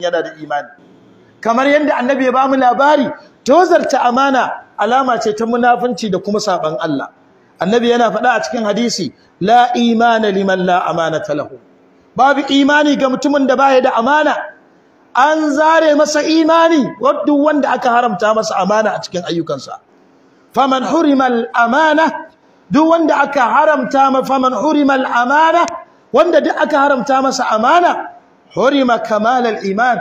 yana da imani kamar yadda annabi ya bamu labari tozarta amana alama ce ta munafunci da kuma saban Allah annabi yana faɗa a cikin hadisi la imana liman la amanata lahu babu imani ga mutumin da baya da amana an zare masa imani duk wanda aka haramta masa amana a cikin ayyukansa faman hurimal amana duk wanda aka haramta ma faman hurimal amana wanda duk aka haramta masa amana hurima kamal al-iman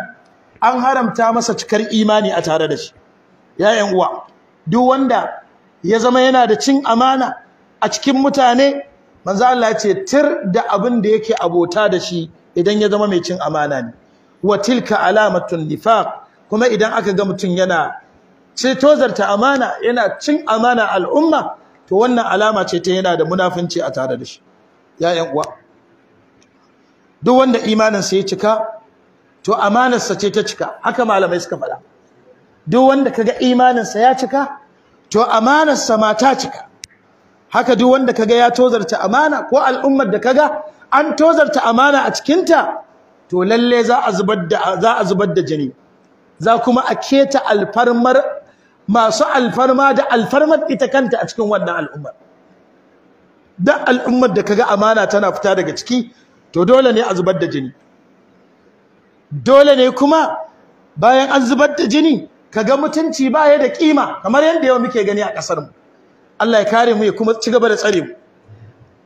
an haramta masa cikar imani a tare da shi yayan uwa duk wanda ya zama yana da cin amana a cikin mutane manzo Allah ya ce tir da abin da yake abota da shi idan ya zama mai cin amana ne wa tilka alamatun nifaq kuma idan aka ga mutun yana ce tozarta amana yana cin amana al'umma to wannan alama ce ta yana da munafinci a tare da shi yayan uwa duk wanda imaninsa ya cika to amanarsa ce ta cika haka malamai suka faɗa duk wanda kaga imaninsa ya cika to amanarsa ma ta cika haka duk wanda kaga ya tozarta amana ko al'ummar da kaga an tozarta amana a cikinta to lalle za a zubar da za a zubar da jini za kuma a keta alfarmar masu alfarma da alfarmar ita kanta a cikin wannan al'ummar da al'ummar da kaga amana tana fita daga ciki to dole ne a zubar da jini dole ne kuma bayan an zubar da jini kaga mutunci baya da kima kamar yadda yau muke gani a kasar mu Allah ya kare mu ya kuma ci gaba da tsare mu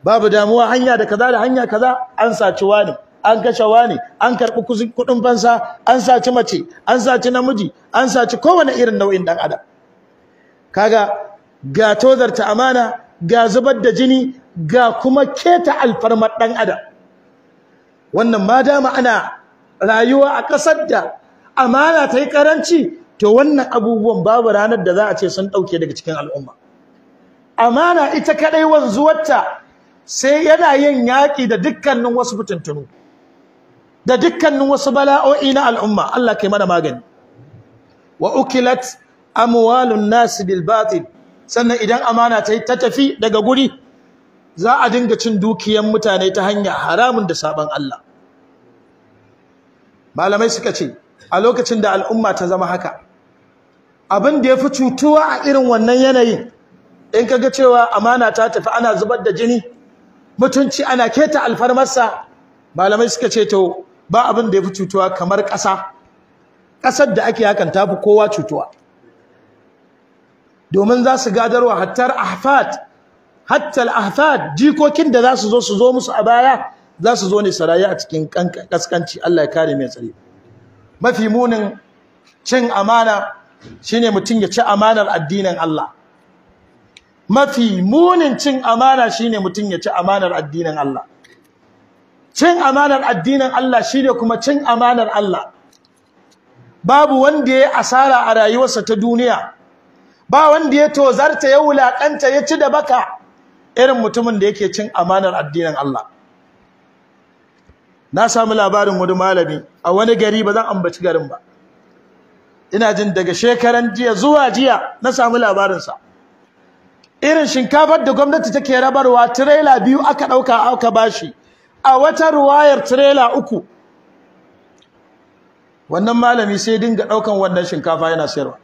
babu damuwa hanya da kaza da hanya kaza an saci wani an kashe wani an karbi kudin fansa an saci mace an saci namiji an saci kowane irin nau'in dan adam kaga ga tozarta amana ga zubar da jini ga kuma keta alfarmar dan adam wannan ma dama ana rayuwa a ƙasar da amana ta yi ƙaranci to wannan abubuwan babu ranar da za a ce sun ɗauke daga cikin al'umma amana ita kaɗai wanzuwarta sai yana yin yaƙi da dukkanin wasu fitintunu da dukkanin wasu bala'o'i na al'umma Allah kai mana magani wa ukilat amwalun nasi bil batil sannan idan amana ta ta tafi daga guri za a dinga cin dukiyan mutane ta hanya haramun da sabon Allah malamai suka ce a lokacin da al'umma ta zama haka abin da ya fi cutuwa a irin wannan yanayin in ga cewa amana ta tafi ana zubar da jini mutunci ana keta alfarmarsa malamai suka ce to ba abin da ya fi cutuwa kamar ƙasa ƙasar da ake hakan tafi kowa cutuwa domin za su gadarwa hattar ahfat hatta al jikokin da za su zo su zo musu a baya za su zo ne saraya a cikin kaskanci Allah ya kare mai tsare mafi munin cin amana shine mutum ya ci amanar addinin Allah mafi munin cin amana shine mutum ya ci amanar addinin Allah cin amanar addinin Allah shine kuma cin amanar Allah babu wanda ya asara a rayuwarsa ta duniya ba wanda ya tozarta ya wulaƙanta ya ci da baka irin mutumin da yake cin amanar addinin Allah na samu labarin wani malami a wani gari ba zan ambaci garin ba ina jin daga shekaran jiya zuwa jiya na samu labarinsa irin shinkafar da gwamnati take rabarwa tirela biyu aka ɗauka aka bashi a wata ruwayar tirela uku wannan malami sai dinga ɗaukan wannan shinkafa yana sayarwa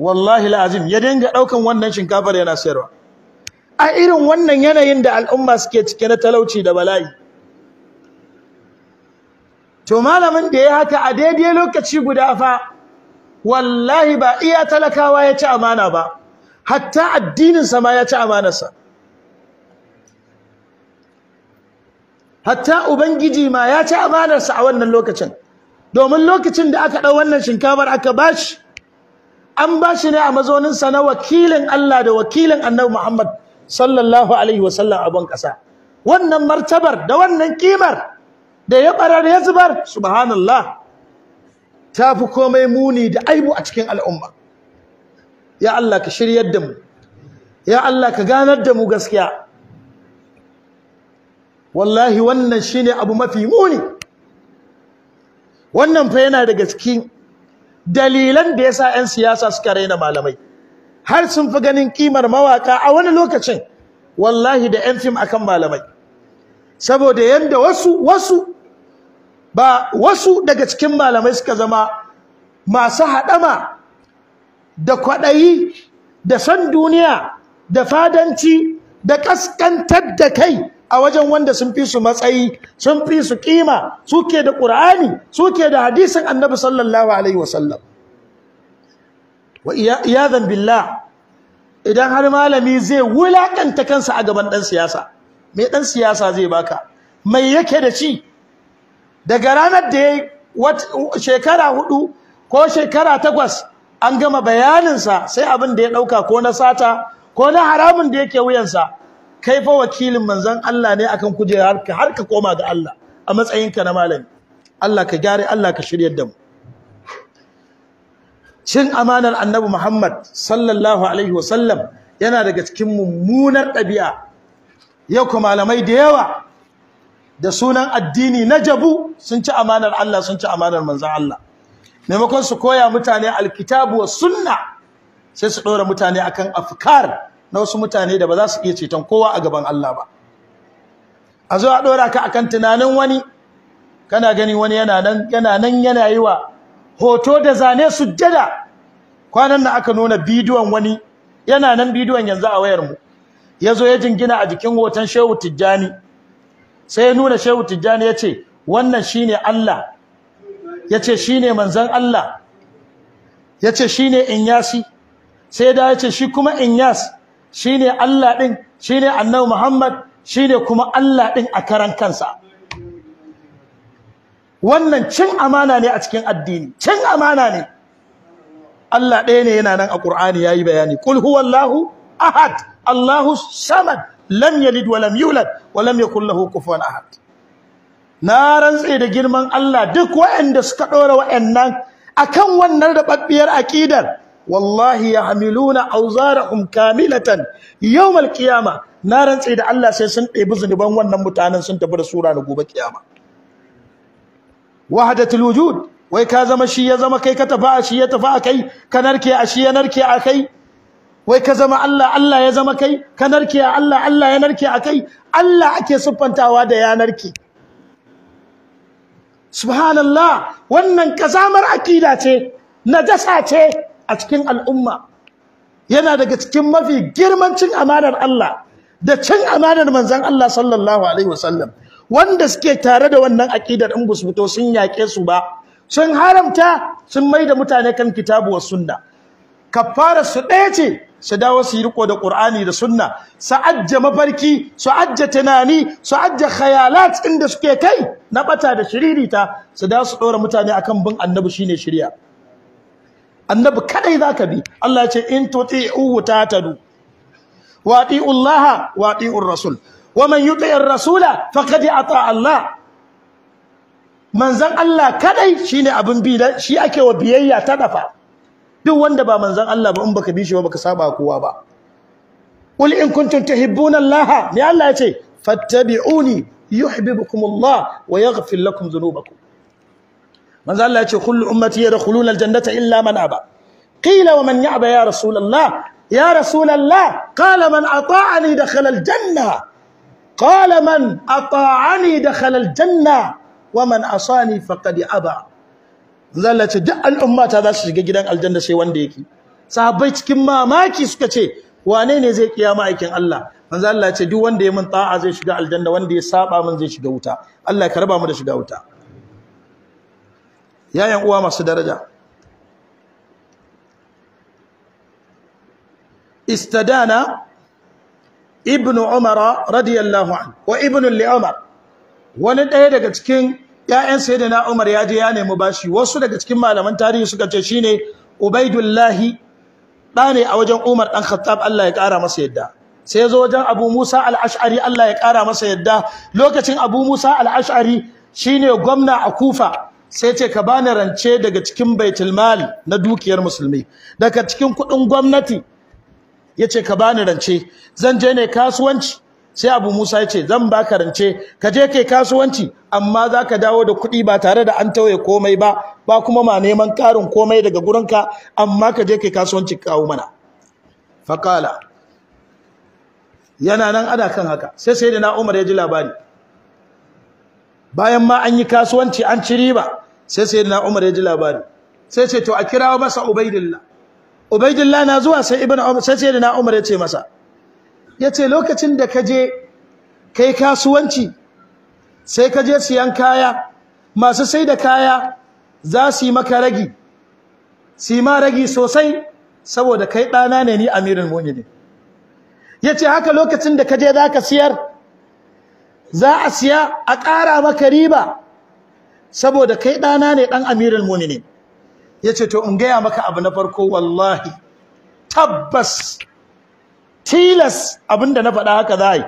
wallahi la'azim ya dinga daukan wannan shinkafar yana sayarwa a irin wannan yanayin da al'umma suke cike na talauci da bala'i to malamin da ya haka a daidai lokaci guda fa wallahi ba iya talakawa ya ci amana ba hatta addininsa ma ya ci amanarsa hatta ubangiji ma ya ci amanarsa a wannan lokacin domin lokacin da aka ɗau wannan shinkafar aka bashi an ba shi ne a mazauninsa na wakilin Allah da wakilin annabi Muhammad sallallahu alaihi wasallam abin ƙasa wannan martabar da wannan kimar da ya barar ya zubar subhanallah ta fi komai muni da aibu a cikin al'umma ya Allah ka shiryar da mu ya Allah ka ganar da mu gaskiya wallahi wannan shine abu mafi muni wannan fa yana daga cikin dalilan da yasa 'yan siyasa suka raina malamai har sun fi ganin kimar mawaka a wani lokacin wallahi da 'yan fim akan malamai saboda yanda wasu wasu ba wasu daga cikin malamai suka zama masu haɗama da kwaɗayi da san duniya da fadanci da ƙasƙantar da kai a wajen wanda sun fi su matsayi sun fi su kima suke da qur'ani suke da hadisin annabi sallallahu alaihi wasallam wa zan billah idan har malami zai wulakanta kansa a gaban dan siyasa me dan siyasa zai baka mai yake da ci daga ranar da yayi shekara hudu ko shekara takwas an gama bayaninsa sai abin da ya ɗauka ko na sata ko na haramun da yake wuyansa kai fa wakilin manzon Allah ne akan kujerar har ka koma ga Allah a matsayinka na malami Allah ka gyare Allah ka shiryar da mu cin amanar annabi Muhammad sallallahu alaihi wasallam yana daga cikin mummunar ɗabi'a yau kuma malamai da yawa da sunan addini na jabu sun ci amanar Allah sun ci amanar manzon Allah maimakon su koya mutane alkitabu wa sunna sai su ɗora mutane akan afkar na wasu mutane da ba za su iya ceton kowa a gaban Allah ba a zo a dora ka kan tunanin wani kana gani wani yana nan yana yi wa hoto da zane sujjada kwanan na aka nuna bidiyon wani yana nan bidiyon yanzu a wayar mu zo ya jingina a jikin hoton Shehu Tijjani sai ya nuna Shehu Tijjani ya ce wannan shine Allah Ya shi shine manzon Allah Ya ne shine Inyasi sai da ya ce shi kuma Inyas shine Allah din shine Annabi Muhammad shine kuma Allah din a karan kansa wannan cin amana ne a cikin addini cin amana ne Allah ɗaya ne yana nan a Qur'ani yayi bayani kul huwallahu ahad Allahu samad lam yalid wa lam yulad wa lam yakul lahu kufuwan ahad na rantse da girman Allah duk waɗanda suka ɗora waɗannan akan wannan rababbiyar aƙidar wallahi yahmiluna awzarahum kamilatan yawmal qiyama na rantse da Allah sai sun ɗebi zunuban wannan mutanen sun tafi da sura na gobe kiyama wahdatul wujud wai ka zama shi ya zama kai ka tafi a shi ya tafi a kai ka narke a shi ya narke a kai wai ka zama Allah Allah ya zama kai ka narke a Allah Allah ya narke a kai Allah ake siffantawa da ya narke subhanallah wannan kazamar akida ce najasa ce a cikin al'umma yana daga cikin mafi girman cin amanar Allah da cin amanar manzan Allah sallallahu alaihi wasallam wanda suke tare da wannan aƙidar in fito sun yaƙe su ba sun haramta sun mai da mutane kan kitabu wa sunna kafara su ɗaya ce su dawo su yi riko da ƙur'ani da Sunna su ajje mafarki su ajje tunani su ajje khayalat inda suke kai na ɓata da shiririta su dawo su ɗora mutane akan bin annabi shine shirya annabi kadai zaka bi Allah ce in tuti'u tatadu wa ati'u Allah wa ati'u rasul wa man yuti'i rasula a ata Allah manzan Allah kadai shine abin bi da shi ake wa biyayya ta dafa duk wanda ba manzan Allah ba in baka bi shi ba baka saba kowa ba ul in kuntum tuhibbuna Allah ne Allah ya ce fattabi'uni yuhibbukum Allah wa yaghfir lakum dhunubakum manzo Allah ya ce kullu ummati yadkhuluna aljannata illa man aba qila wa man ya'ba ya rasulullah ya rasulullah qala man ata'ani dakhala aljanna qala man ata'ani dakhala aljanna wa man asani faqad aba manzo Allah ya ce duk al'ummata za su shiga gidan aljanna sai wanda yake sahabbai cikin mamaki suka ce wane ne zai kiyama aikin Allah manzo Allah ya ce duk wanda ya min ta'a zai shiga aljanna wanda ya saba min zai shiga wuta Allah ya karba mu da shiga wuta yayan uwa masu daraja istadana ibnu umar radiyallahu an wa ibnu li umar wani ɗaya daga cikin ƴaƴan sayyidina umar ya je ya nemi bashi wasu daga cikin malaman tarihi suka ce shine ubaidullahi ɗa ne a wajen umar ɗan khattab Allah ya ƙara masa yadda sai zo wajen abu musa al'ash'ari Allah ya ƙara masa yadda lokacin abu musa al'ash'ari shine gwamna a kufa sai ce ka bani rance daga cikin baitul mal na dukiyar musulmi daga cikin kudin gwamnati yace ka bani rance zan je ne kasuwanci sai Abu Musa ya ce zan baka rance ka je kai kasuwanci amma zaka dawo da kudi ba tare da an tauye komai ba ba kuma ma neman karin komai daga gurinka amma ka je kai kasuwanci kawo mana faqala yana nan ada kan haka sai sayyidina Umar ya ji labari bayan ma an yi kasuwanci an ci riba sai na Umar ya ji labari sai ce to a kirawo masa Ubaidillah Ubaidillah na zuwa sai Ibn Umar sai na Umar ya ce masa yace lokacin da kaje kai kasuwanci sai ka je siyan kaya masu sai da kaya za su yi maka ragi su yi ma ragi sosai saboda kai ɗana ne ni amirin mu'minin yace haka lokacin da ka je za ka siyar za a siya a ƙara maka riba saboda kai ɗana ne ɗan amirul muminin ya ce to in gaya maka abu na farko wallahi tabbas tilas abin da na faɗa haka za yi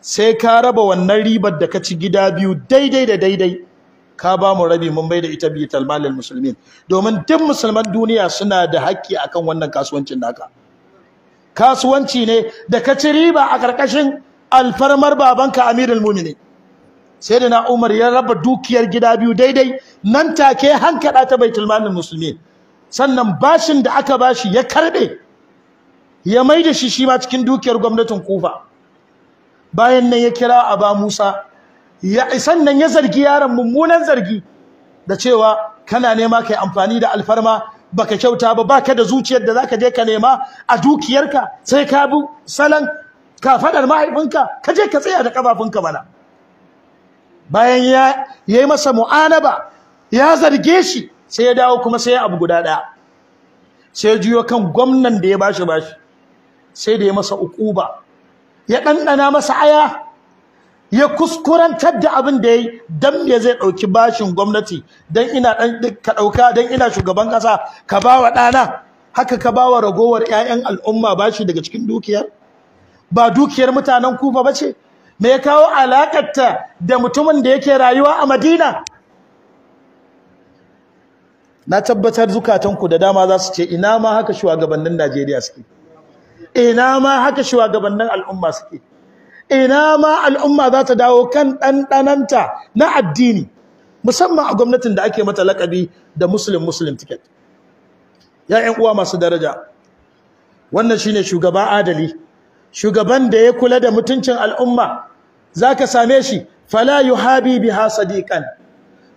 sai ka raba wannan ribar da ka ci gida biyu daidai da daidai ka ba mu rabi mun bai da ita biyu talmalin musulmin domin duk musulman duniya suna da haƙƙi akan wannan kasuwancin naka kasuwanci ne da ka ci riba a ƙarƙashin alfarmar babanka amirul muminin sai na umar ya raba dukiyar gida biyu daidai nan take hankada ta baitul malin musulmi sannan bashin da aka bashi ya karbe ya mai da shi shi cikin dukiyar gwamnatin kufa bayan nan ya kira ba musa ya sannan ya zargi yaron mummunan zargi da cewa kana nema ka yi amfani da alfarma ba ka kyauta ba baka da zuciyar da za ka je ka nema a dukiyarka sai ka bi salon kafaɗar mahaifinka ka je ka tsaya da ƙafafunka bana bayan ya yi masa mu'anaba ya zarge shi sai ya dawo kuma sai ya abu guda ɗaya sai ya juyo kan gwamnan da ya bashi bashi sai da ya masa ukuba ya ɗanɗana masa aya ya kuskurantar da abin da ya yi don me zai ɗauki bashin gwamnati don ina ka ɗauka don ina shugaban ƙasa ka ba wa ɗana haka ka ba wa ragowar 'ya'yan al'umma bashi daga cikin dukiyar ba dukiyar mutanen kufa ba ce me ya kawo alakarta da mutumin da yake rayuwa a Madina na tabbatar zukatanku da dama za su ce ina ma haka shugabannin Najeriya suke ina ma haka shugabannin al'umma suke ina ma al'umma za ta dawo kan ɗanɗananta na addini musamman a gwamnatin da ake mata lakabi da muslim muslim ticket ya uwa masu daraja wannan shine shugaba adali shugaban da ya kula da mutuncin al'umma za ka same shi fala Habibi, biha sadiqan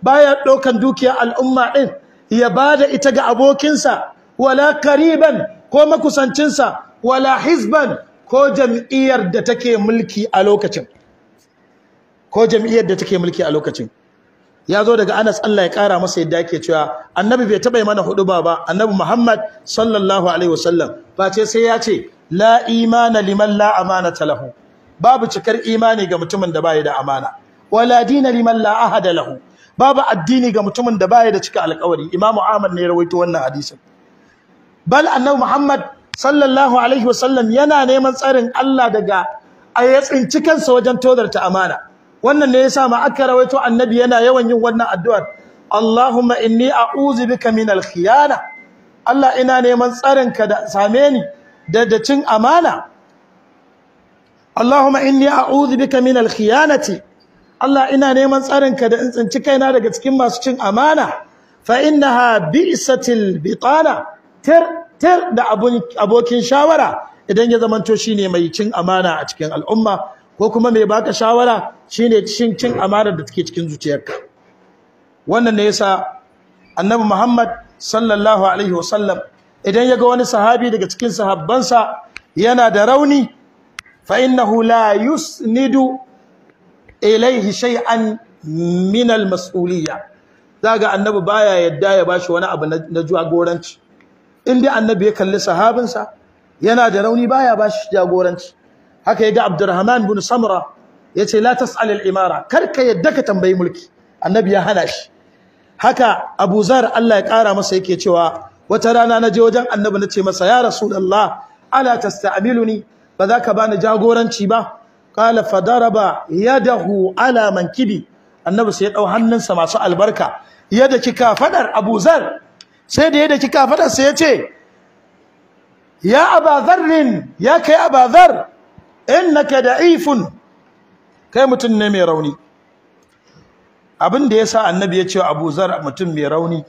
baya ɗaukan dukiyar al'umma ɗin ya bada ita ga abokinsa wala kariban ko makusancinsa wala hisban ko jam'iyyar da take mulki ko jam'iyyar da take mulki a lokacin ya zo daga Anas Allah ya kara masa yadda yake cewa annabi bai taba mana hudu ba annabi Muhammad sallallahu alaihi wasallam ba ce sai ya ce la imana liman la amanata lahu babu cikar imani ga mutumin da bai da amana wala dina liman la ahada lahu babu addini ga mutumin da bai da cika alƙawari Imam Ahmad ne ya rawaito wannan hadisin bal annabi Muhammad sallallahu alaihi wasallam yana neman tsarin Allah daga ayatsin cikansa wajen tozarta amana wannan ne yasa ma aka rawaito annabi yana yawan yin wannan addu'ar Allahumma inni a'udhu bika min al-khiyana Allah ina neman tsarin ka da same ni da da cin amana Allahumma inni a'udhu bika min al-khiyanati Allah ina neman tsarin ka da in tsinci kaina daga cikin masu cin amana fa innaha bi'satil bitana tir tir da abokin shawara idan ya zamanto shine mai cin amana a cikin al'umma ko kuma mai baka shawara shine cin cin amanar da take cikin zuciyarka wannan ne yasa annabi Muhammad sallallahu alaihi wasallam idan yaga wani sahabi daga cikin sahabbansa yana da rauni fa innahu la yusnidu ilaihi shay'an min almas'uliyya masuliyya zaga annabi baya yadda ya bashi wani abu na jagoranci in dai annabi ya kalli sahabinsa yana da rauni baya bashi jagoranci haka ya ga abdurrahman bin samra ya ce la tas'al al-imara kar ka yadda ka tambayi mulki annabi ya hana shi haka abu zar Allah ya kara masa yake cewa wata rana na je wajen annabi na ce masa ya rasulullah ala tasta'miluni ba za ka bani jagoranci ba qala fadaraba yadahu ala mankibi annabi sai ya dau hannunsa masu albarka yadda kika fadar abu zar sai da yadda kika fadar sai ya ce ya abazarrin ya kai abazar da ifun, kai mutum ne mai rauni Abinda ya sa annabi ya ce Abu Zar mutum mai rauni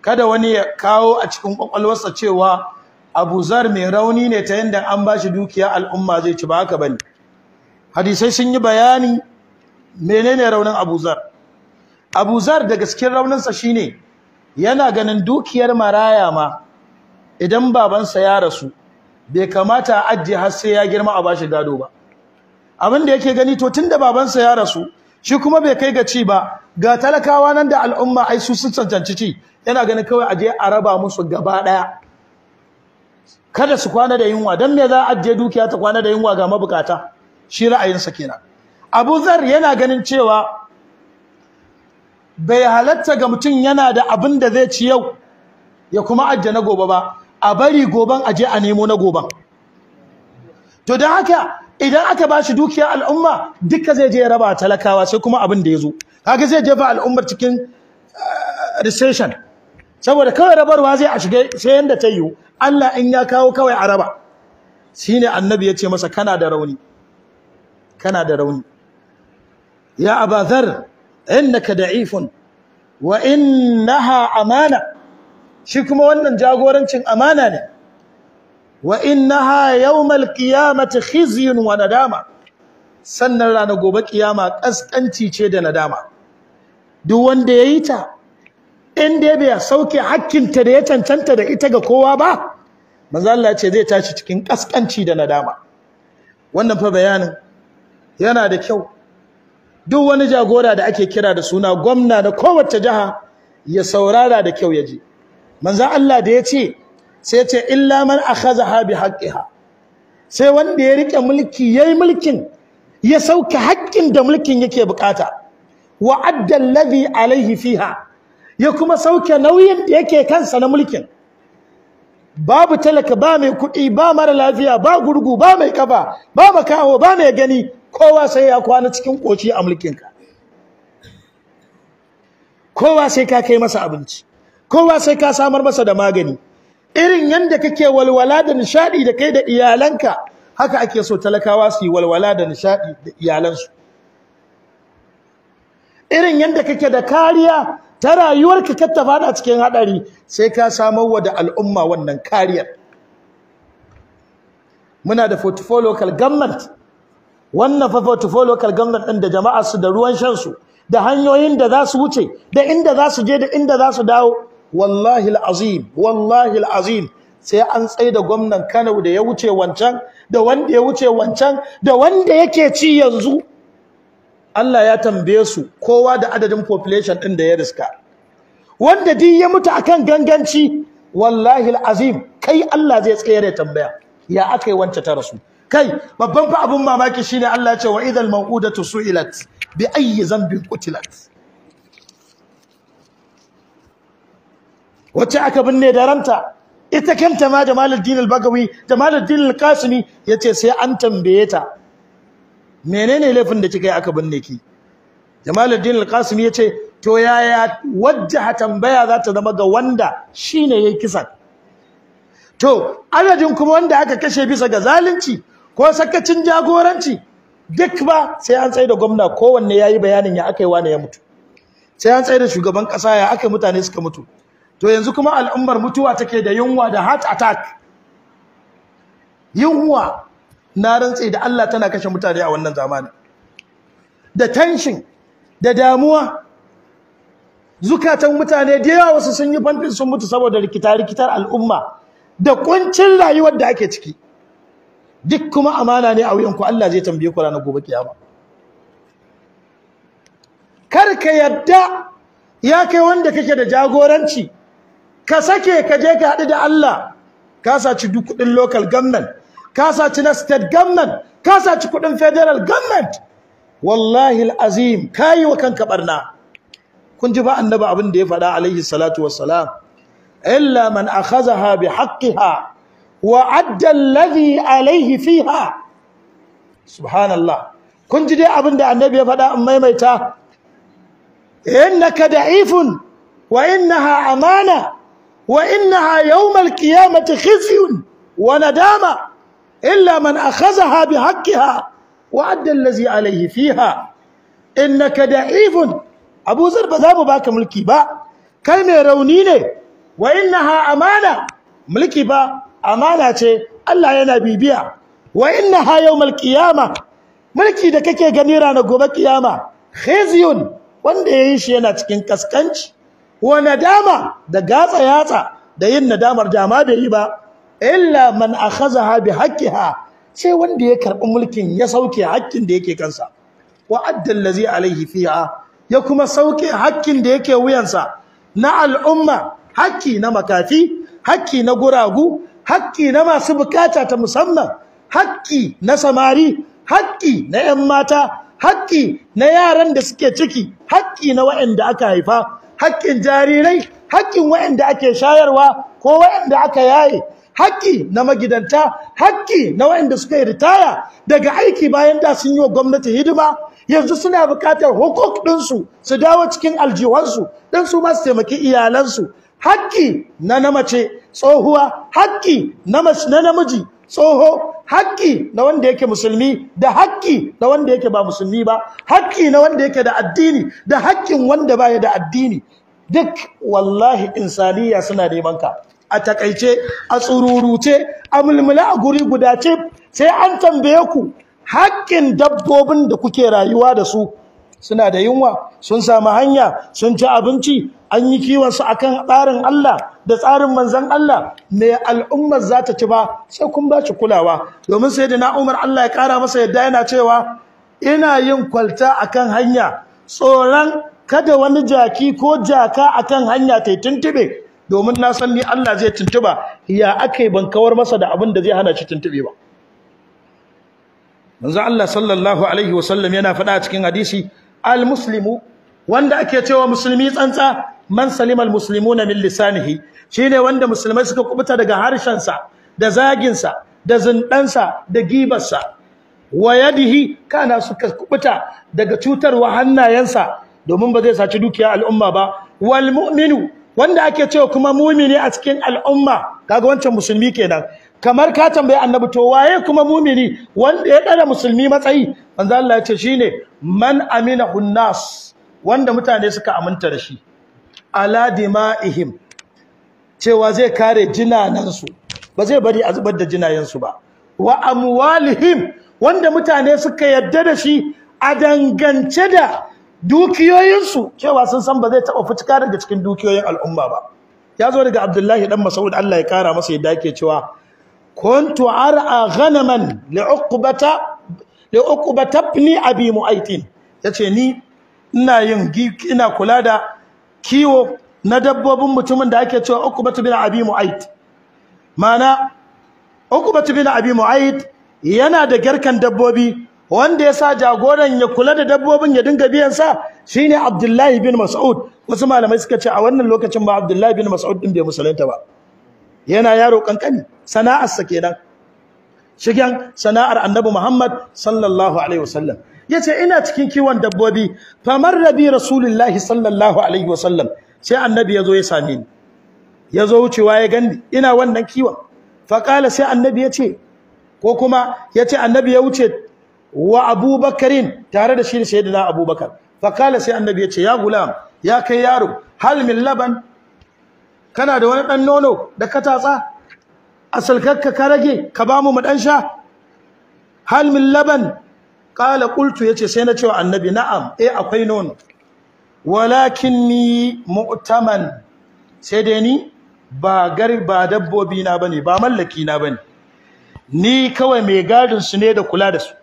kada wani ya kawo a cikin kwakwalwarsa cewa Abu Zar mai rauni ne ta yadda an ba shi dukiya al'umma zai ci ba haka bane hadisai sun yi bayani menene raunin Abu Zar Abu Zar da gaskiyar rauninsa shine yana ganin dukiyar maraya ma idan babansa ya rasu bai kamata a ajiye har sai ya girma a bashi gado ba abin da yake gani to tunda babansa ya rasu shi kuma bai kai ga ci ba ga talakawa nan da al'umma ai su sun cancanci ci yana ganin kawai aje a raba musu gaba daya kada su kwana da yunwa dan me za a ajiye dukiya ta kwana da yunwa ga mabukata shi ra'ayinsa kenan Abu Zar yana ganin cewa bai halatta ga mutum yana da abin da zai ci yau ya kuma ajje na gobe ba a bari goban aje a nemo na goban to don haka idan aka bashi dukiya dukiyar al'umma duka zai je ya raba talakawa sai kuma abin da ya zo kaga zai jefa al'ummar cikin eh, recession saboda kawai rabarwa zai a shiga sai yanda ta yiwu Allah in ya kawo kawai a raba shine annabi ya ce masa kana da rauni kana da rauni ya abazar innaka da'ifun wa innaha amana shi kuma wannan jagorancin amana ne wa innaha yawmal qiyamati khizyun wa nadama sannan ranar gobe kiyama kaskanci ce da nadama duk wanda yayi ta in dai bai sauke hakkinta da ya cancanta da ita ga kowa ba manzo Allah ce zai tashi cikin kaskanci da nadama wannan fa bayanin yana da kyau duk wani jagora da ake kira da suna gwamna da kowace jiha ya saurara da kyau ya ji manzo Allah da ya ce sai ce illa man akhazaha bi haqqiha sai wanda ya rike mulki yayi mulkin ya sauke haƙƙin da mulkin yake bukata wa adda alladhi alaihi fiha ya kuma sauke nauyin da yake kansa na mulkin babu talaka ba mai kuɗi ba mara lafiya ba gurgu ba mai kafa ba makaho ba mai gani kowa sai ya kwana cikin ƙoci a mulkinka kowa sai ka kai masa abinci kowa sai ka samar masa da magani irin yanda kake walwala da nishadi da kai da iyalanka haka ake so talakawa su yi walwala da nishadi da iyalansu irin yanda kake da kariya ta rayuwarka kar ta fada cikin hadari sai ka samar wa da al'umma wannan kariyar muna da 44 local government wannan 44 local government ɗin da jama'a su da ruwan shansu da hanyoyin da za su wuce da inda za su je da inda za su dawo wallahi alazim wallahi alazim sai an tsaye da gwamnan Kano da ya wuce wancan da wanda ya wuce wancan da wanda yake ci yanzu Allah ya tambaye su kowa da adadin population ɗin da ya riska wanda duk ya mutu akan ganganci wallahi alazim kai Allah zai tsaye da tambaya ya yi wance ta rasu kai babban fa abin mamaki shine Allah ce wa idhal ma'udatu su'ilat bi ayyi zambin utilat wacce aka binne da ranta ita kanta ma Jamaluddin al-Bagawi Jamaluddin al-Qasimi yace sai an tambaye ta menene laifin da kika yi aka binne ki Jamaluddin al-Qasimi yace to yaya wajjaha tambaya za ta zama ga wanda shine yayi kisan to adadin kuma wanda aka kashe bisa ga zalunci ko sakacin jagoranci duk ba sai an tsaye da gwamna kowanne yayi bayanin ya aka yi ya mutu sai an tsaye da shugaban kasa ya aka mutane suka mutu to yanzu kuma al'ummar mutuwa take da yunwa da heart attack yunwa na rantse da Allah tana kashe mutane a wannan zamanin da tension da damuwa zukatan mutane da yawa wasu sun yi fanfin sun mutu saboda rikita-rikitar al'umma da kuncin rayuwar da ake ciki duk kuma amana ne a wuyanku Allah zai tambaye ku ranar gobe kiyama kar ka yadda ya kai wanda kake da jagoranci ka sake ka je ka haɗu da Allah ka saci duk kuɗin local government ka saci na state government ka saci kuɗin federal government wallahi alazim kayi wa kanka barna kun ji ba annabi abin da ya faɗa alaihi salatu wassalam illa man akhazaha bihaqqiha wa adda alladhi alaihi fiha subhanallah kun ji dai abin da annabi ya faɗa in maimaita innaka da'ifun wa innaha amana wa innaha yawmal qiyamati khizyun wa nadama illa man akhadhaha bihaqqiha wa adda allazi alayhi fiha innaka da'ifun Abu Zar ba za mu baka mulki ba kai mai rauni ne wa innaha amana mulki ba amana ce Allah yana bibiya wa innaha yawmal qiyamah mulki da kake gani ranar gobe kiyama khizyun wanda yayin shi yana cikin kaskanci wa nadama da gatsa yatsa da yin nadamar dama bai yi ba illa man akhazaha bi haqqiha sai wanda ya karbi mulkin ya sauke haƙƙin da yake kansa wa adda allazi alaihi fiha ya kuma sauke haƙƙin da yake wuyansa na al'umma haƙƙi na makafi haƙƙi na guragu haƙƙi na masu bukata ta musamman haƙƙi na samari haƙƙi na 'yan mata haƙƙi na yaran da suke ciki haƙƙi na waɗanda aka haifa haƙƙin jarirai haƙƙin waanda ake shayarwa ko waɗanda aka yaye haƙƙi na magidanta haƙƙi na waɗanda suka yi ritaya daga aiki bayan da sun yi wa gwamnati hidima yanzu suna buƙatar hukuk ɗinsu su dawo cikin aljiwansu ɗin su ma taimaki iyalansu haƙƙi na namace tsohuwa haƙƙi na namiji tsoho haƙƙi na wanda yake musulmi da haƙƙi na wanda yake ba musulmi ba haƙƙi na wanda yake da addini da haƙƙin wanda baya da addini duk wallahi insaniya suna neman ka a takaice a tsururuce a mulmula a guri guda ce sai an tambaye ku haƙƙin dabbobin da kuke rayuwa da su suna da yunwa sun samu hanya sun ci abinci an yi kiwon su akan tsarin Allah da tsarin manzon Allah me al'ummar za ta ci ba sai kun ba ci kulawa domin sai da na Umar Allah ya kara masa yadda yana cewa ina yin kwalta akan hanya tsoron kada wani jaki ko jaka akan hanya ta tuntube domin na san ni Allah zai tuntuba ya akai ban kawar masa da abin da zai hana shi tuntube ba manzo Allah sallallahu alaihi wasallam yana faɗa a cikin hadisi al-muslimu wanda ake cewa musulmi tsantsa man salima al-muslimuna min lisanihi shine wanda musulmai suka kubuta daga harshen sa da zagin sa da sa, da gibarsa sa. yadihi kana suka kubuta daga cutarwa sa domin ba zai saci dukiya al'umma ba wal mu'minu wanda ake cewa kuma mu'mini a cikin al'umma kaga wancan musulmi kenan kamar ka tambayi annabi to waye kuma mumini wanda ya dara musulmi matsayi manzo Allah ya ce shine man amina hunnas wanda mutane suka aminta da shi ala dima'ihim cewa zai kare jinanansu ba zai bari a zubar da jinayensu ba wa amwalihim wanda mutane suka yadda da shi a dangance da dukiyoyinsu cewa sun san ba zai taɓa fuska daga cikin dukiyoyin al'umma ba ya zo daga abdullahi dan masaud Allah ya kara masa yadda yake cewa كنت أرعى غنما لعقبة لعقبة ابن أبي مؤيتين yace ni ina yin ina kula da kiwo na dabbobin mutumin da ake cewa Uqbah bin Abi Mu'ayt mana Uqbah bin Abi Mu'ayt yana da garkan dabbobi wanda yasa jagoran ya kula da dabbobin ya dinga biyan sa shine Abdullahi bin Mas'ud wasu malamai suka ce a wannan lokacin ba Abdullahi bin Mas'ud din bai musulunta ba yana yaro kankani sana'arsa kenan shigen sana'ar annabi Muhammad sallallahu alaihi wasallam yace ina cikin kiwon dabbobi famar rabi rasulullahi sallallahu alaihi wasallam sai annabi yazo ya same ni yazo wucewa ya gani ina wannan kiwon fa kala sai annabi yace ko kuma yace annabi ya wuce wa abubakarin tare da shi ne sayyidina abubakar fa kala sai annabi yace ya gulam ya kai yaro hal min laban kana da wani ɗan nono da ka tatsa asalkarka ka rage ka ba mu ɗan sha Halmin laban ƙala ƙultu ya ce sai na cewa annabi na'am e akwai nono walakin ni mu'taman sai dai ni ba gari ba dabbobi na ne, ba mallaki na ne. ni kawai mai gadin su ne da kula da su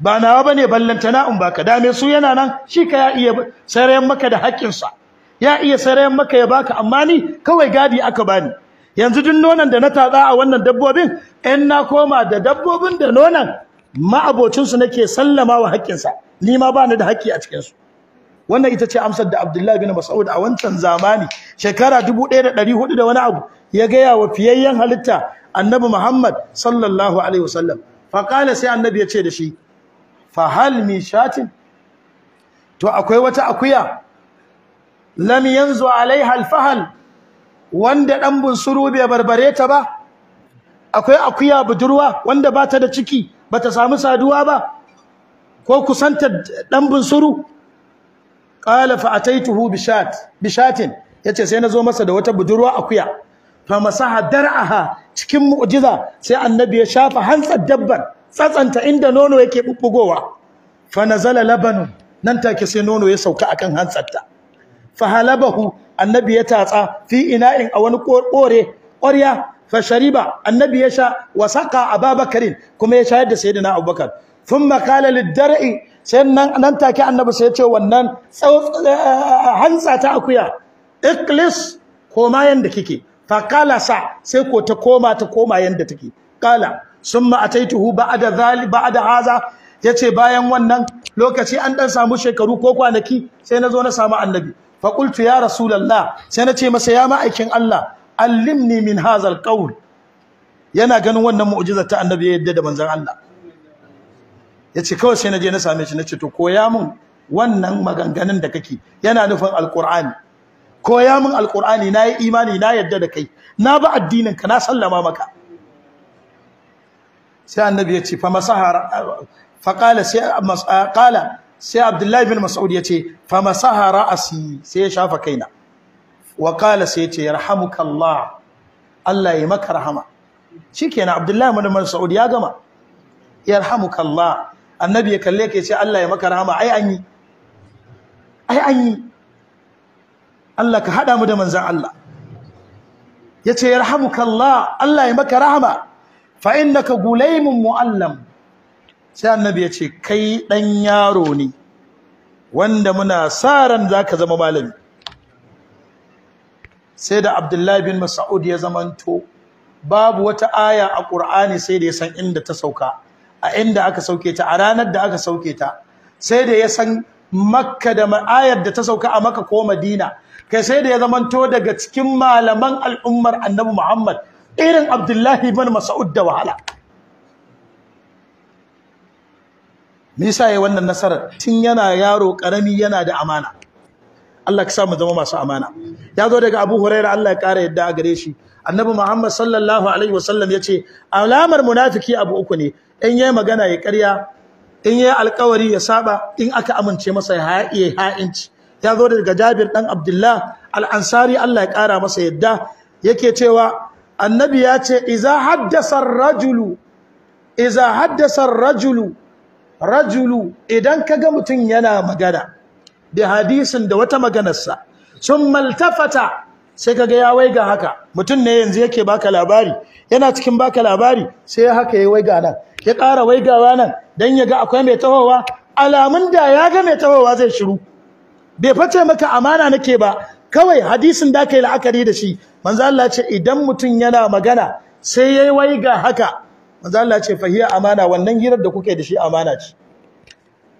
ba nawa bane ballantana in baka dame su yana nan shi ka ya iya sarayen maka da haƙƙinsa sa ya iya sarayen maka ya baka amma ni kawai gadi aka bani yanzu duk nonon da na tatsa a wannan dabbobin in na koma da dabbobin da nonon ma'abocinsu nake sallama wa haƙƙinsa ni ma ba ni da haƙƙi a cikinsu wannan ita ce amsar da abdullahi bin mas'ud a wancan zamani shekara dubu ɗaya da ɗari hudu da wani abu ya gaya wa fiyayyen halitta annabi muhammad sallallahu alaihi wasallam sai annabi ya ce da shi fa hal mi shatin to akwai wata akuya lam yanzu alaiha alfahal wanda dan bunsuru bai barbare ta ba akwai akuya budurwa wanda ba ta da ciki ba ta samu saduwa ba ko kusanta dan bunsuru qala fa ataituhu bishat bishatin yace sai nazo masa da wata budurwa akuya fa masaha dar'aha cikin mu'jiza sai annabi ya shafa hantsar dabban tsatsanta inda nono yake bubbugowa fa nazala labanu nan take sai nono ya sauka akan hantsarta fahalabahu annabi ya tatsa fi ina'in a wani kore ƙwarya shariba annabi ya sha wasaqa ababakarin kuma ya shayar da sayyidina abubakar thumma qala lid sai nan nan take annabi sai ya ce wannan hantsa ta akuya iklis koma yanda kike fa kala sa sai ko ta koma ta koma yanda take Kala summa ataituhu ba'da dhali ba'da haza yace bayan wannan lokaci an dan samu shekaru ko kwanaki sai na zo na samu annabi fa ya rasu rasulullah sai na ce masa ya ma'aikin Allah allimni min hazal qawl yana ganin wannan mu'jiza ta annabi yadda da manzon Allah yace kawai sai na je na same shi nace to koya mun wannan maganganun da kake yana nufin alqur'ani koya mun alqur'ani nayi imani na yadda da kai na ba addinin ka na sallama maka sai annabi yace fa masahara fa qala sai qala sai abdullahi bin mas'ud ya ce fa masaha ra'asi sai ya shafa kaina wa qala sai ya ce yarhamukallah Allah ya maka rahama shikenan abdullahi bin mas'ud ya gama yarhamukallah annabi ya kalle ka ya ce Allah ya maka rahama ai anyi, ai anyi!" Allah ka hada mu da manzon Allah yace yarhamukallah Allah ya maka rahama fa innaka gulaimun muallam sai annabi ya ce kai dan yaro ne wanda muna sa ran zaka zama malami sai da Abdullahi bin Mas'ud ya zamanto babu wata aya a Qur'ani sai da ya san inda ta sauka a inda aka sauke ta a ranar da aka sauke ta sai da ya san Makka da ayar da ta sauka a Makka ko Madina kai sai da ya zamanto daga cikin malaman al'ummar Annabi Muhammad irin Abdullahi bin Mas'ud da wahala me yasa yayi wannan nasarar tun yana yaro karami yana da amana Allah ka sa mu zama masu amana ya zo daga Abu Hurairah Allah ya kara yadda a gare shi Annabi Muhammad sallallahu alaihi wasallam yace alamar munafiki abu uku ne in yayi magana ya ƙarya in yayi alƙawari ya saba in aka amince masa ya ha'iye ha'inci ya zo daga Jabir dan Abdullah al-Ansari Allah ya kara masa yadda yake cewa Annabi ya ce iza haddasa rajulu iza haddasa rajulu rajulu idan kaga mutum yana magana bi hadisin da wata maganarsa sun maltafata sai kaga ya waiga haka mutum ne yanzu yake baka labari yana cikin baka labari sai haka ya waiga nan ya ƙara waigawa nan dan ya ga akwai mai tahowa alamun da ya ga mai tahowa zai shiru bai face maka amana nake ba kawai hadisin da kai la'akari da shi manzo Allah ce idan mutum yana magana sai yayi waiga haka manzo Allah ce fahiya amana wannan hirar da kuke da shi amana ce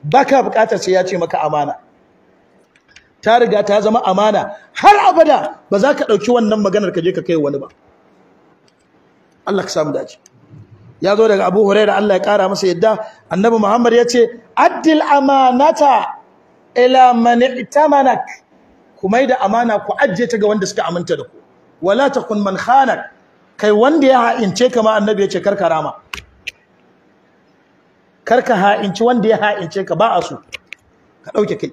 baka bukatar sai ya ce maka amana ta riga ta zama amana har abada ba za ka dauki wannan maganar ka je ka kai wani ba Allah ka samu dace ya zo daga Abu Huraira Allah ya kara masa yadda Annabi Muhammad ya ce addil amanata ila man itamanak kuma da amana ku ajiye ta ga wanda suka aminta da ku wala takun man khanak kai wanda ya ha'ince ka ma annabi ya ce karka rama karka ha'inci wanda ya ha'ince ka ba a so ka dauke kai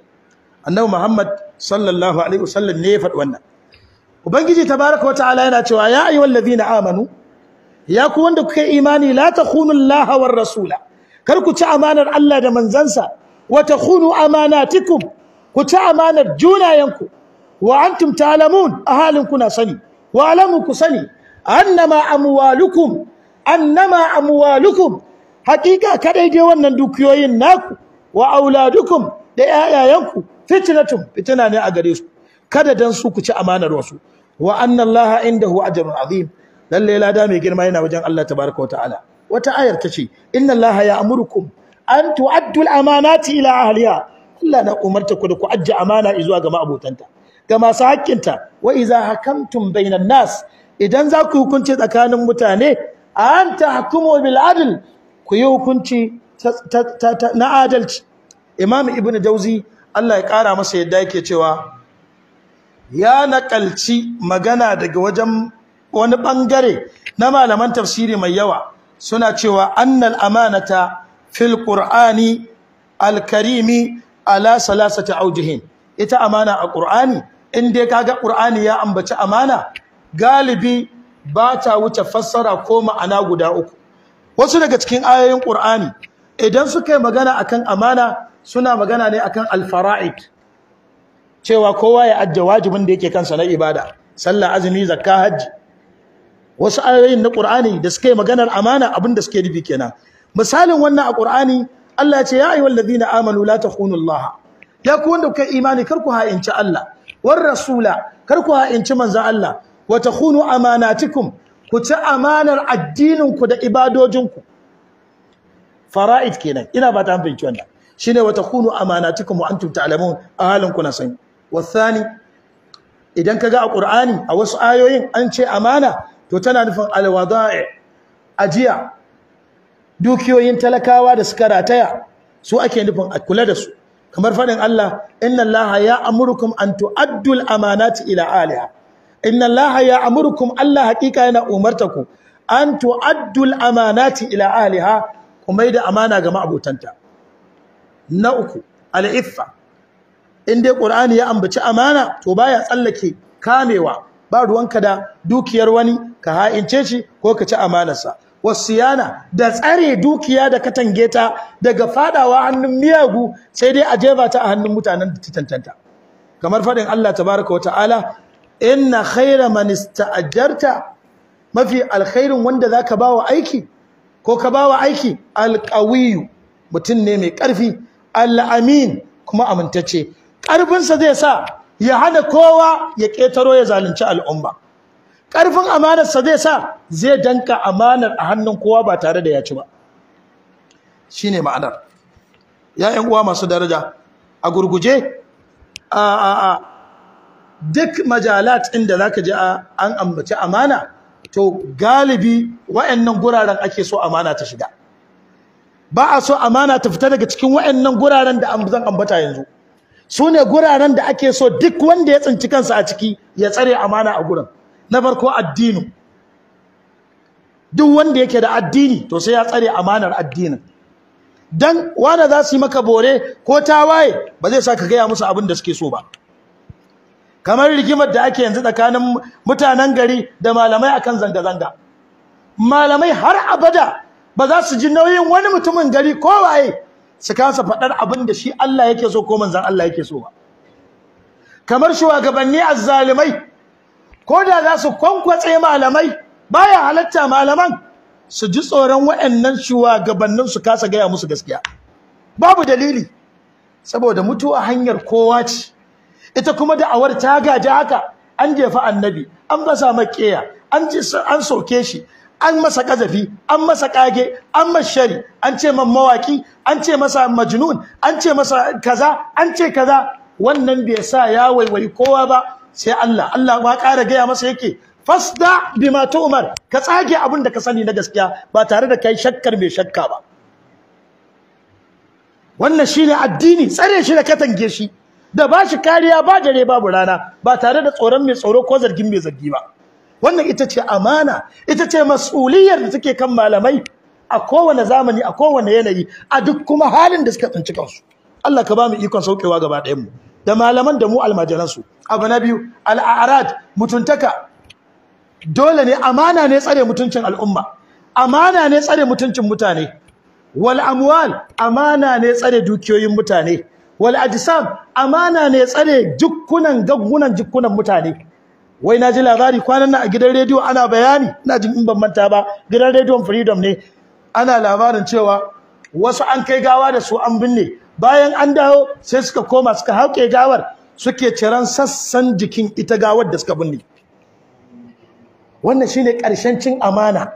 annabi muhammad sallallahu alaihi wasallam ne ya faɗi wannan ubangiji tabaraka wa ta'ala yana cewa ya ayyuhal ladina amanu ya ku wanda kuka imani la takhunu allaha war rasula kar ku ci amanar Allah da manzansa wa takhunu amanatikum ku ci amanar junayenku wa antum ta'lamun ahalin kuna sani wa alamu ku sani annama amwalukum annama amwalukum hakika kadai dai wannan dukiyoyin naku wa auladukum da yayayanku fitnatun fitna ne a gare su kada dan su ku ci amanar wasu wa anna allaha indahu ajrun azim lalle lada mai girma yana wajen Allah tabaraka wa ta'ala wata ayar ta inna allaha ya'murukum an tu'addu al-amanati ila ahliha Allah na umarta ku da ku ajja amana zuwa ga ma'abotanta ga masu haƙƙinta, wa idza hakamtum bainan nas idan za ku hukunci tsakanin mutane an tahkumu bil adl ku yi hukunci na adalci imam ibnu jauzi Allah ya kara masa yadda yake cewa ya nakalci magana daga wajen wani bangare na malaman tafsiri mai yawa suna cewa annal amanata fil qur'ani al karimi ala salasati aujihin ita amana a qur'ani in dai kaga qur'ani ya ambaci amana galibi ba ta wuce fassara ko ma'ana guda uku wasu daga cikin ayoyin Qur'ani idan suka yi magana akan amana suna magana ne akan alfara'id cewa kowa ya ajje wajibin da yake kansa na ibada sallah azumi zakka hajji wasu ayoyin na Qur'ani da suka yi maganar amana abin da suke nufi kenan misalin wannan a Qur'ani Allah ya ce ya ayyuhal ladina amanu la takhunu Allah ya ku wanda kuka imani kar ku ha'inci Allah war rasula kar ku ha'inci manzo Allah Wata kunu amanatikum ku ci amanar addininku da ibadojinku fara'id kenan ina ba ta Shi ne wata wa takhunu mu an antum ta'lamun a halinku na sanyi. Wasani idan kaga a ƙur'ani a wasu ayoyin an ce amana to tana nufin alwada'i ajiya dukiyoyin talakawa da suka rataya su ake nufin a kula da su kamar faɗin Allah inna Allah ya amurkum an tu'addul amanati ila aliha inna allaha amurkum allah haqiqa yana ku an addul amanati ila ahliha mai da amana ga ma'abotanta na uku al-iffa in dai qur'ani ya ambaci amana to baya tsallake kamewa ba ruwanka da dukiyar wani ka ha'ince shi ko ka ci amanarsa wasiyana da tsare dukiya da katange ta daga fadawa hannun miyagu sai dai a jefa ta a hannun mutanen da ta tantanta kamar faɗin Allah tabaraka wa ta'ala inna khaira man ista'jarta mafi alkhairin wanda zaka bawa aiki ko ka bawa aiki alqawiyu mutum ne mai karfi al'amin amin kuma amintacce Ƙarfinsa zai sa ya hada kowa ya ketaro ya zalunci al'umma karfin amanarsa zai sa zai danka amanar a hannun kowa ba tare da ya ci ba shine ma'anar ya uwa masu daraja a gurguje a a a duk majalat inda da zaka ji an ambaci amana to galibi wayannan guraren ake so amana ta shiga ba a so amana ta fita daga cikin wayannan guraren da zan ambata yanzu su ne guraren da ake so duk wanda ya tsinci kansa a ciki ya tsare amana a gurin na farko addini duk wanda yake da addini to sai ya tsare amanar addinin dan wanda za su yi maka bore ko tawaye ba zai sa ka gaya musu abin da suke so ba kamar rigimar da ake yanzu tsakanin mutanen gari da malamai akan zanga-zanga malamai har abada ba za su ji nauyin wani mutumin gari ko waye su kasa faɗar abin da shi Allah yake so ko manzon Allah yake so ba kamar shugabanni azzalimai ko da za su kwankwatse malamai baya halatta malaman su ji tsoron waɗannan shugabannin su kasa gaya musu gaskiya babu dalili saboda mutuwa hanyar kowa ce ita kuma da'awar ta gaji haka an jefa annabi an fasa makeya an an soke shi an masa kazafi an masa kage an masa shari an ce man mawaki an ce masa majnun an ce masa kaza an ce kaza wannan bai sa ya waiwayi kowa ba sai Allah Allah ba ƙara gaya masa yake fasda bima tu'mar ka tsage abin da ka sani na gaskiya ba tare da kai shakkar mai shakka ba wannan shine addini tsare shi da katange shi da ba shi kariya ba dare babu rana ba tare da tsoron mai tsoro ko zargin mai zargi ba wannan ita ce amana ita ce mas'uliyar da take kan malamai a kowane zamani a kowane yanayi a duk kuma halin da suka tsinci kansu Allah ka ba mu ikon saukewa gaba ɗayan mu da malaman da mu almajiran su abu na biyu al'arad mutuntaka dole ne amana ne tsare mutuncin al'umma amana ne tsare mutuncin mutane wal amwal amana ne tsare dukiyoyin mutane wal ajsam amana ne tsare jukkunan gaggunan jukkunan mutane wai na ji labari kwanan nan a gidan rediyo ana bayani ina jin in ban manta ba gidan rediyon freedom ne ana labarin cewa wasu an kai gawa da su an binne bayan an dawo sai suka koma suka hauke gawar suke ciran sassan jikin ita gawar da suka binne wannan shine karshen cin amana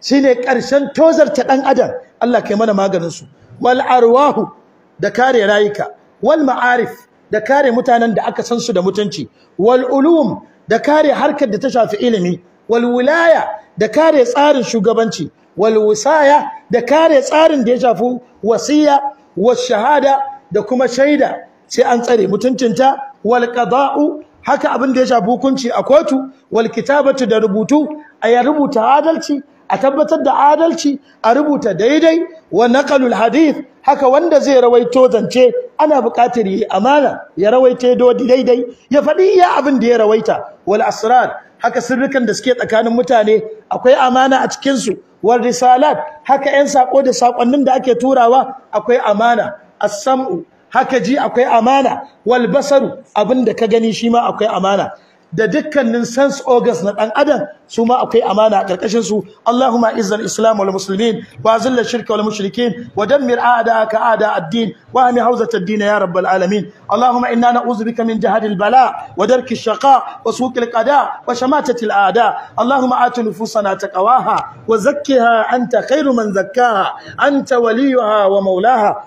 shine karshen tozarta dan adam Allah kai mana maganin su wal arwahu da kare rayuka wal ma'arif da kare mutanen da aka san su da mutunci wal ulum da kare harkar da ta shafi ilimi wal wilaya da kare tsarin shugabanci wal wusaya da kare tsarin da ya shafi wasiya was shahada da kuma shaida sai an tsare mutuncinta wal qada'u haka abin da ya shafi hukunci a kotu wal kitabatu da rubutu a ya rubuta adalci a tabbatar da adalci a rubuta daidai wa naqalul hadith haka wanda zai rawaito zance ana buƙatar yi amana ya rawaita dodi daidai ya faɗi iya abin da ya rawaita wal asrar haka sirrukan da suke tsakanin mutane akwai amana a cikin su wal risalat haka ƴan sako da sakonnin da ake turawa akwai amana as-sam'u haka ji akwai amana wal basaru abin da ka gani shi ma akwai amana da dukkanin sense organs na dan adam su ma akwai amana a karkashin su Allahumma izzal islam wal muslimin wa zilla shirka wal mushrikin wa dammir a'da'aka a'da ad-din wa ahmi hawzat ad-din ya rabbal alamin Allahumma inna na'udhu bika min jahdi al-bala wa darki ash-shaqa wa suq al-qada wa shamatati al-a'da Allahumma ati nufusana taqwaha wa zakkiha anta khairu man zakkaha anta waliyuha wa mawlaha